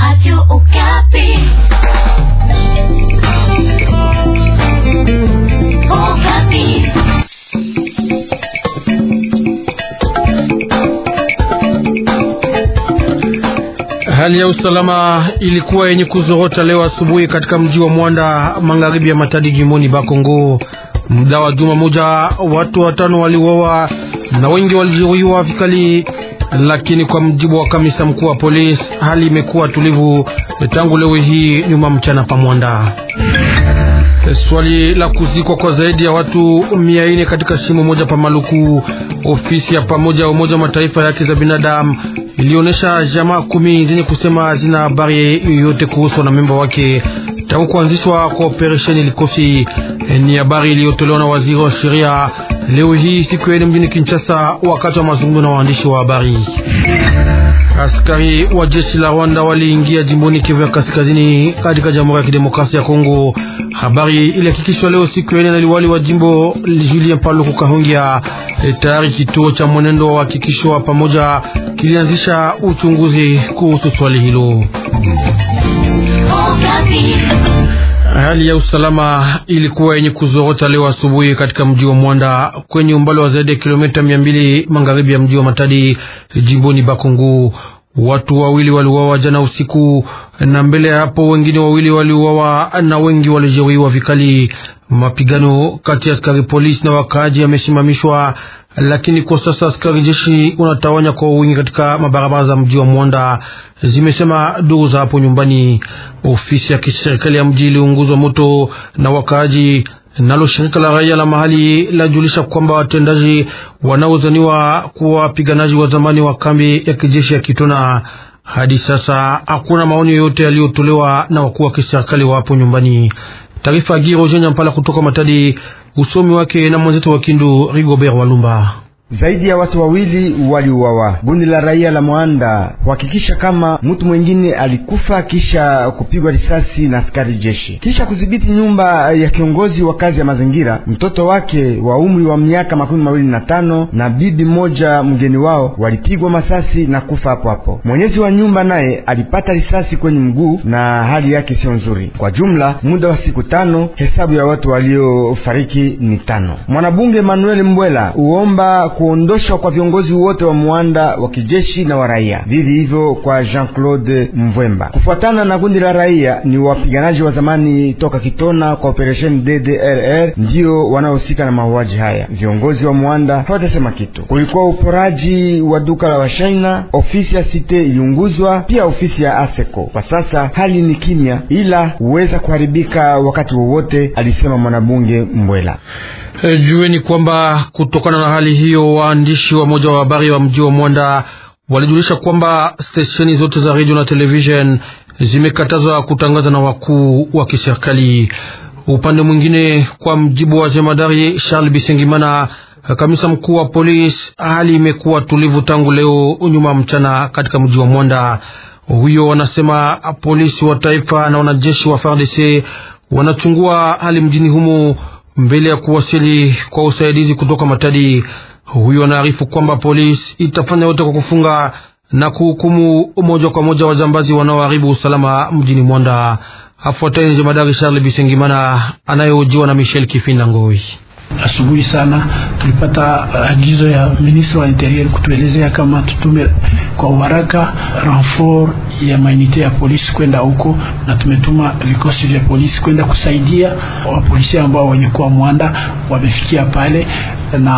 Hali ya usalama ilikuwa yenye kuzorota leo asubuhi katika mji wa Mwanda magharibi ya Matadi jimboni Bakongo. Muda wa juma moja watu watano waliuawa na wengi walijeruhiwa vikali lakini kwa mjibu wa kamisa mkuu wa polisi hali imekuwa tulivu tangu leo hii nyuma mchana pamwanda. Swali la kuzikwa kwa zaidi ya watu mia nne katika shimo moja pa Maluku, ofisi ya pamoja ya Umoja wa Mataifa ya haki za binadamu ilionyesha jamaa kumi zenye kusema zina habari yoyote kuhusu na memba wake tangu kuanzishwa kwa operesheni Likosi. Eh, ni habari iliyotolewa na waziri wa sheria leo hii siku ya ine mjini Kinshasa, wakati wa mazungumzo na waandishi wa habari, askari wa jeshi la Rwanda waliingia jimboni Kivu ya kaskazini katika Jamhuri ya Kidemokrasia ya Kongo. Habari ilihakikishwa leo siku ya ine na liwali wa jimbo Julien Paluku Kahungia. E, tayari kituo cha mwenendo wa uhakikisho wa pamoja kilianzisha uchunguzi kuhusu swali hilo. Oh, Hali ya usalama ilikuwa yenye kuzorota leo asubuhi katika mji wa Mwanda kwenye umbali wa zaidi ya kilomita mia mbili magharibi ya mji wa Matadi jimboni Bakungu. Watu wawili waliuawa jana usiku, na mbele ya hapo wengine wawili waliuawa na wengi walijeruhiwa vikali. Mapigano kati ya askari polisi na wakaaji yamesimamishwa lakini kwa sasa askari jeshi unatawanya kwa wingi katika mabarabara za mji wa Mwanda, zimesema ndugu za hapo nyumbani. Ofisi ya kiserikali ya mji iliunguzwa moto na wakaaji, nalo shirika la raia la mahali lajulisha kwamba watendaji wanaozaniwa kuwa wapiganaji wa zamani wa kambi ya kijeshi ya Kitona hadi sasa hakuna maoni yoyote yaliyotolewa na wakuu wa kiserikali wa hapo nyumbani. Taarifa Giro Jenya Mpala kutoka Matadi usomi wake na mwenzetu wa Kindu Rigobert Walumba. Zaidi ya watu wawili waliuawa. Gundi la raia la Mwanda kuhakikisha kama mtu mwengine alikufa kisha kupigwa risasi na askari jeshi. Kisha kudhibiti nyumba ya kiongozi wa kazi ya mazingira, mtoto wake wa umri wa miaka makumi mawili na tano na bibi mmoja mgeni wao walipigwa masasi na kufa hapo hapo. Mwenyezi wa nyumba naye alipata risasi kwenye mguu na hali yake siyo nzuri. Kwa jumla, muda wa siku tano, hesabu ya watu waliofariki ni tano. Mwanabunge Manuel Mbwela uomba kuondoshwa kwa viongozi wote wa muanda wa kijeshi na wa raia, vivi hivyo kwa Jean-Claude Mvwemba. Kufuatana na kundi la raia, ni wapiganaji wa zamani toka Kitona kwa operesheni DDRR ndiyo wanaohusika na mauaji haya. Viongozi wa muanda hawatasema kitu. Kulikuwa uporaji wa duka la Washaina, ofisi ya site iliunguzwa, pia ofisi ya Aseko. Kwa sasa hali ni kimya, ila huweza kuharibika wakati wowote, alisema mwanabunge Mbwela. Eh, jueni kwamba kutokana na hali hiyo, waandishi wa moja wa habari wa mji wa Mwanda walijulisha kwamba stesheni zote za redio na televisheni zimekatazwa kutangaza na wakuu wa kiserikali. Upande mwingine, kwa mjibu wa jemadari Charles Bisengimana, kamisa mkuu wa polisi, hali imekuwa tulivu tangu leo nyuma mchana katika mji wa Mwanda. Huyo wanasema polisi wa taifa na wanajeshi wa FARDC wanachungua hali mjini humo mbele ya kuwasili kwa usaidizi kutoka Matadi. Huyo anaarifu kwamba polisi itafanya yote kwa kufunga na kuhukumu moja kwa moja wajambazi wanaoharibu usalama mjini Mwanda. afuatani jemadari Charles Bisengimana anayehojiwa na Michel Kifinda Ngoi. Asubuhi sana tulipata uh, agizo ya ministre wa interieur kutuelezea kama tutume kwa uharaka renfort ya mainite ya polisi kwenda huko, na tumetuma vikosi vya polisi kwenda kusaidia wapolisi ambao wenye kuwa mwanda wamefikia pale na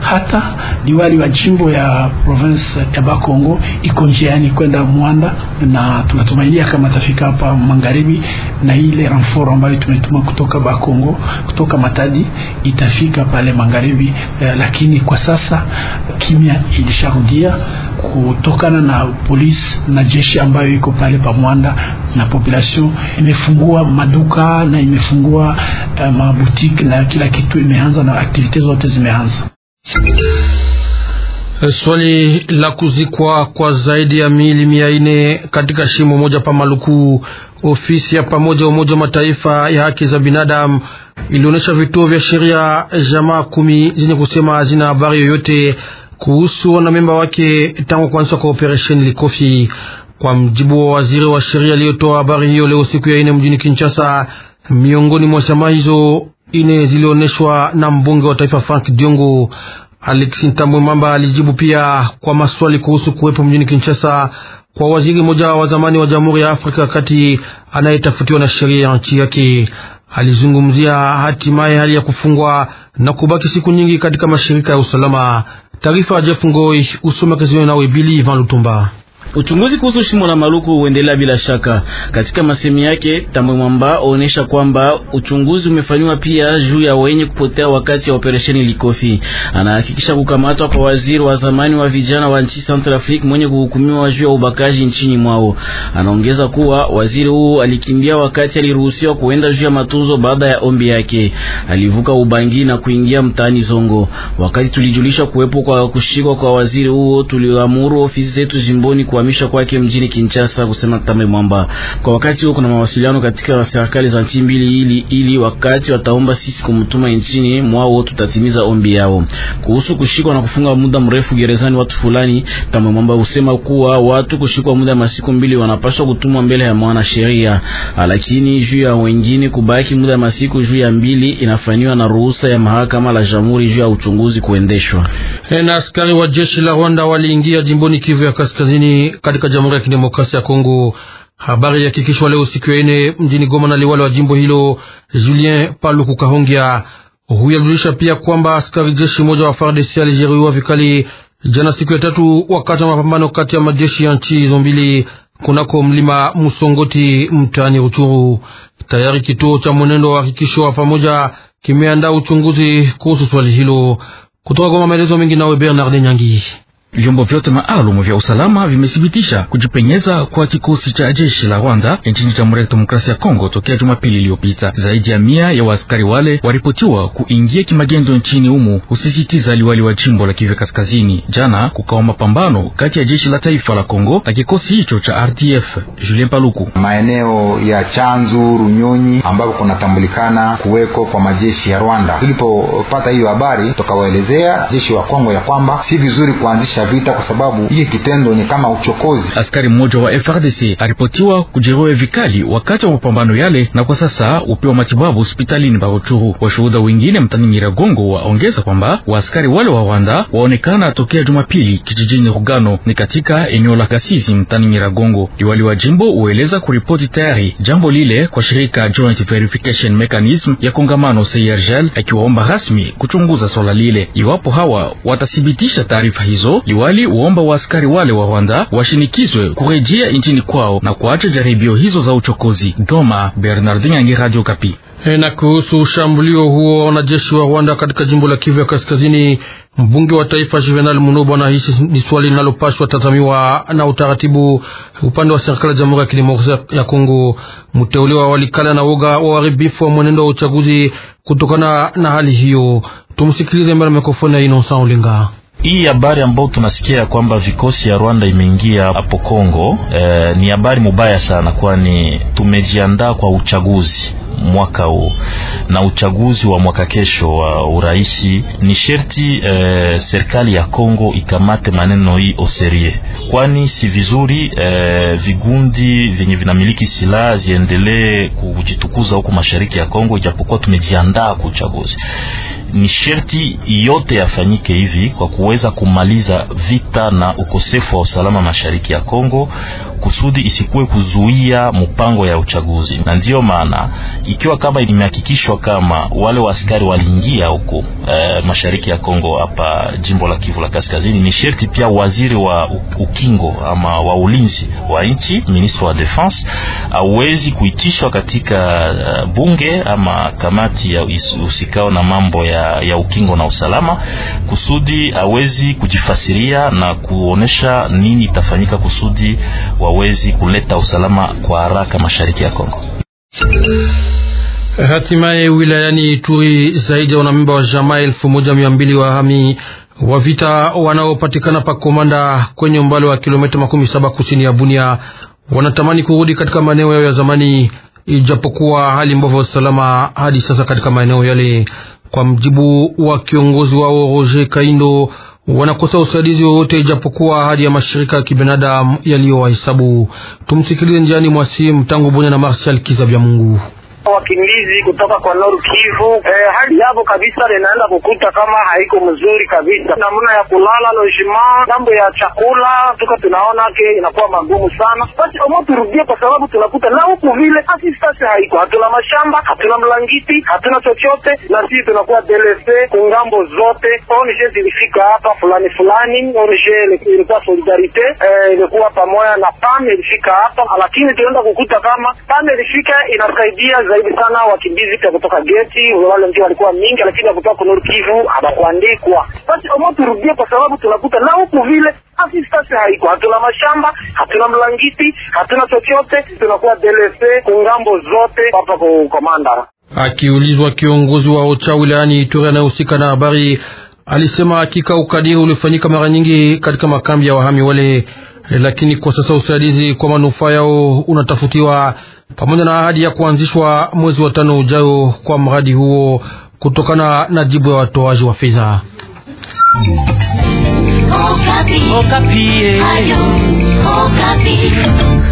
hata diwali wa jimbo ya province ya Bakongo iko njiani kwenda Mwanda, na tunatumainia kama tafika hapa magharibi, na ile renfort ambayo tumetuma kutoka Bakongo kutoka Matadi itafika pale magharibi eh, lakini kwa sasa kimya ilisharudia kutokana na polisi na jeshi ambayo iko pale pa Mwanda, na population imefungua maduka na imefungua eh, mabutiki na kila kitu, imeanza na aktivite zote zimeanza. Swali la kuzikwa kwa zaidi ya miili mia nne katika shimo moja pa Maluku, ofisi ya pamoja Umoja wa Mataifa ya haki za binadamu ilionyesha vituo vya sheria jamaa kumi zenye kusema hazina habari yoyote kuhusu wanamemba wake tangu kuanzishwa kwa operesheni Likofi. Kwa mjibu wa waziri wa sheria aliyotoa habari hiyo leo siku ya ine mjini Kinshasa, miongoni mwa jamaa hizo ine zilioneshwa na mbunge wa taifa Frank Diongo. Alexi Ntambwe Mwamba alijibu pia kwa maswali kuhusu kuwepo mjini Kinshasa kwa waziri mmoja wa zamani wa Jamhuri ya Afrika Kati anayetafutiwa na sheria ya nchi yake. Alizungumzia hatimaye hali ya kufungwa na kubaki siku nyingi katika mashirika ya usalama. Taarifa ya Jeff Ngoi usoma Kezioni nawe Bili Ivan Lutumba. Uchunguzi kuhusu shimo la Maluku huendelea bila shaka. Katika masemi yake Tambwe Mwamba onesha kwamba uchunguzi umefanywa pia juu ya wenye kupotea wakati ya operesheni Likofi. Anahakikisha kukamatwa kwa waziri wa zamani wa vijana wa nchi Central Africa mwenye kuhukumiwa juu ya ubakaji nchini mwao. Anaongeza kuwa waziri huu alikimbia wakati aliruhusiwa kuenda juu ya matunzo baada ya ombi yake. Alivuka ubangi na kuingia mtaani Zongo. Wakati tulijulisha kuwepo kwa kushikwa kwa waziri huo, tuliamuru ofisi zetu jimboni kwa kuhamishwa kwake mjini Kinshasa, kusema Tambe Mwamba. Kwa wakati huo kuna mawasiliano katika serikali za nchi mbili, ili ili wakati wataomba sisi kumtuma nchini mwao, tutatimiza ombi yao. Kuhusu kushikwa na kufunga muda mrefu gerezani watu fulani, Tambe Mwamba husema kuwa watu kushikwa muda masiku mbili wanapaswa kutumwa mbele ya mwanasheria, lakini juu ya wengine kubaki muda ya masiku juu ya mbili inafanywa na ruhusa ya mahakama la jamhuri juu ya uchunguzi kuendeshwa. Eh, na askari wa jeshi la Rwanda waliingia jimboni Kivu ya Kaskazini katika Jamhuri ya Kidemokrasia ya Kongo. Habari yakikishwa leo siku ya ine mjini Goma na liwali wa jimbo hilo Julien Paluku Kahongia huyajulisha pia kwamba askari jeshi moja wa FARDC alijeruhiwa vikali jana siku ya tatu wakati wa mapambano kati ya majeshi ya nchi hizo mbili kunako mlima Musongoti mtaani Ruchuru. Tayari kituo cha mwenendo wa hakikisho wa pamoja kimeandaa uchunguzi kuhusu swali hilo. Kutoka kwa maelezo mengi nawe Bernard Nyangi. Vyombo vyote maalum vya usalama vimethibitisha kujipenyeza kwa kikosi cha jeshi la Rwanda nchini Jamhuri ya Kidemokrasia ya Kongo tokea Jumapili iliyopita. Zaidi ya mia ya waaskari wale waripotiwa kuingia kimagendo nchini humo, husisitiza liwali wa jimbo la Kivu Kaskazini. Jana kukawa mapambano kati ya jeshi la taifa la Kongo na kikosi hicho cha RDF. Julien Paluku, maeneo ya Chanzu, Runyonyi ambapo kunatambulikana kuweko kwa majeshi ya Rwanda. Tulipopata hiyo habari, tukawaelezea jeshi wa Kongo ya kwamba si vizuri kuanzisha kuanzisha vita, kwa sababu hiyo kitendo ni kama uchokozi. Askari mmoja wa FRDC aripotiwa kujeruhiwa vikali wakati wa mapambano yale, na kwa sasa upewa matibabu hospitalini Baruchuru. Washuhuda wengine mtani Nyiragongo waongeza kwamba waaskari wale wa Rwanda waonekana tokea Jumapili kijijini Rugano ni katika eneo la Kasisi mtani Nyiragongo. Liwali wa jimbo ueleza kuripoti tayari jambo lile kwa shirika Joint Verification Mechanism ya kongamano CIRGL, akiwaomba rasmi kuchunguza swala lile. Iwapo hawa watathibitisha taarifa hizo, Iwali uomba wa askari wale wa Rwanda washinikizwe kurejea nchini kwao na kuacha jaribio hizo za uchokozi. Goma, Bernardin Angi, Radio Kapi. E, Na kuhusu shambulio huo wanajeshi wa Rwanda katika jimbo la Kivu ya Kaskazini, mbunge wa taifa Juvenal Munobo anahisi ni swali linalopaswa tatamiwa na utaratibu upande wa serikali ya Jamhuri ya Kidemokrasia ya Kongo. Mteuliwa walikala na woga wa uharibifu wa mwenendo wa uchaguzi kutokana na hali hiyo. Tumsikilize mbele ya mikrofoni ya Innocent Olinga. Hii habari ambayo tunasikia ya kwamba vikosi ya Rwanda imeingia hapo Kongo eh, ni habari mubaya sana, kwani tumejiandaa kwa uchaguzi mwaka huu na uchaguzi wa mwaka kesho wa uraisi. Ni sherti eh, serikali ya Kongo ikamate maneno hii oserie, kwani si vizuri eh, vigundi vyenye vinamiliki silaha ziendelee kujitukuza huko mashariki ya Kongo, ijapokuwa tumejiandaa kwa uchaguzi ni sherti yote yafanyike hivi kwa kuweza kumaliza vita na ukosefu wa usalama mashariki ya Kongo, kusudi isikuwe kuzuia mpango ya uchaguzi. Na ndiyo maana ikiwa kama imehakikishwa kama wale waaskari waliingia huko e, mashariki ya Kongo, hapa jimbo la Kivu la Kaskazini, ni sherti pia waziri wa ukingo ama wa ulinzi wa nchi, ministre wa defense, awezi kuitishwa katika eh, bunge ama kamati ya usikao na mambo ya ya, ya ukingo na usalama kusudi awezi kujifasiria na kuonesha nini itafanyika kusudi wawezi kuleta usalama kwa haraka mashariki ya Kongo. Hatimaye wilayani Ituri zaidi ya wanamemba wa jamaa elfu moja mia mbili wa hami wa vita wanaopatikana pa Komanda kwenye umbali wa kilomita makumi saba kusini ya Bunia wanatamani kurudi katika maeneo yao ya zamani, ijapokuwa hali mbovu ya usalama hadi sasa katika maeneo yale. Kwa mjibu wa kiongozi wao Roger Kaindo, wanakosa usaidizi wowote ijapokuwa ahadi ya mashirika ya kibinadamu yaliyowahesabu. Tumsikilize njiani mwasimu tangu Bunya na Marshal Kizabya Mungu wakimbizi kutoka kwa Nord Kivu. Eh, hali yavo kabisa linaenda kukuta kama haiko mzuri kabisa, namna ya kulala logement, mambo ya chakula tuka tunaona ke inakuwa magumu sana. Basi omo turudie, kwa sababu tunakuta na huku vile asistasi haiko, hatuna mashamba, hatuna mlangiti, hatuna chochote, na sisi tunakuwa delese kungambo zote. ONG zilifika hapa fulani fulani, ONG ilikuwa Solidarite eh, ilikuwa pamoja na PAM ilifika hapa, lakini tunaenda kukuta kama PAM ilifika inasaidia zaidi sana wakimbizi pia kutoka geti wale ndio walikuwa mingi, lakini kutoka kunuru Kivu abakuandikwa Basi omo turudie, kwa sababu tunakuta na huku vile asistasi haiko, hatuna mashamba, hatuna mlangiti, hatuna chochote, tunakuwa delese kungambo zote hapa kwa komanda. Akiulizwa kiongozi wa OCHA wilayani Ituri anayehusika na habari alisema hakika ukadiri ulifanyika mara nyingi katika makambi ya wahami wale Eh, lakini kwa sasa usaidizi kwa manufaa yao unatafutiwa pamoja na ahadi ya kuanzishwa mwezi wa tano ujayo kwa mradi huo kutokana na jibu ya watoaji wa fedha. Okapi. Oh, Okapi. Oh,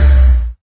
eh.